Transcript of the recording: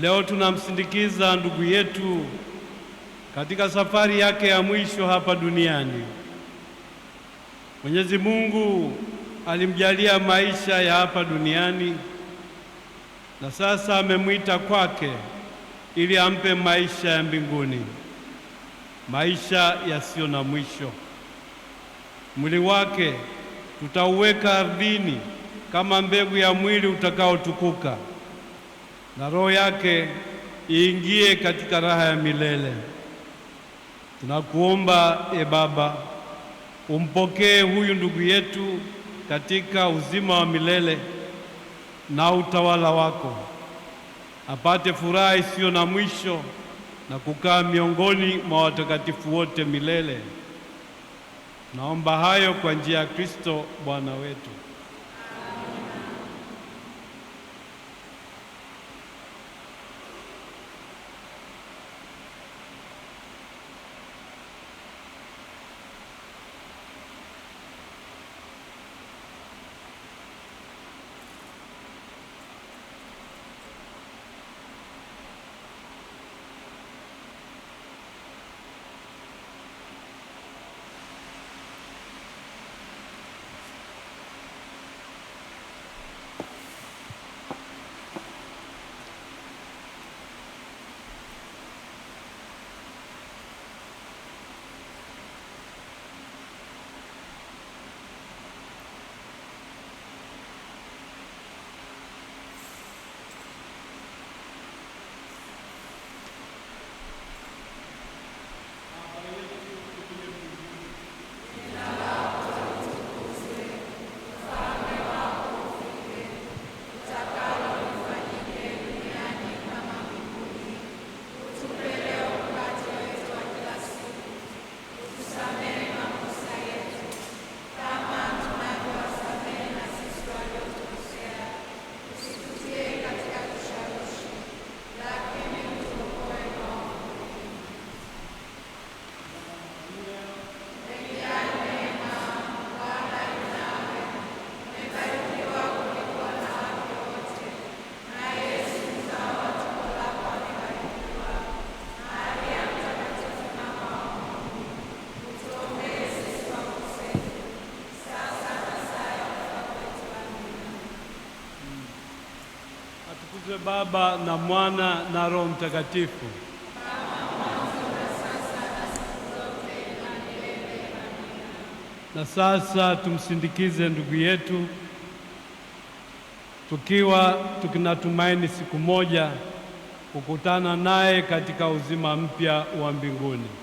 Leo tunamsindikiza ndugu yetu katika safari yake ya mwisho hapa duniani. Mwenyezi Mungu alimjalia maisha ya hapa duniani na sasa amemwita kwake ili ampe maisha ya mbinguni, maisha yasiyo na mwisho. Mwili wake tutauweka ardhini kama mbegu ya mwili utakaotukuka na roho yake iingie katika raha ya milele. Tunakuomba e Baba, umpokee huyu ndugu yetu katika uzima wa milele na utawala wako, apate furaha isiyo na mwisho na kukaa miongoni mwa watakatifu wote milele. Naomba hayo kwa njia ya Kristo Bwana wetu. Atukuzwe Baba na Mwana na Roho Mtakatifu. Na sasa tumsindikize ndugu yetu tukiwa tukinatumaini siku moja kukutana naye katika uzima mpya wa mbinguni.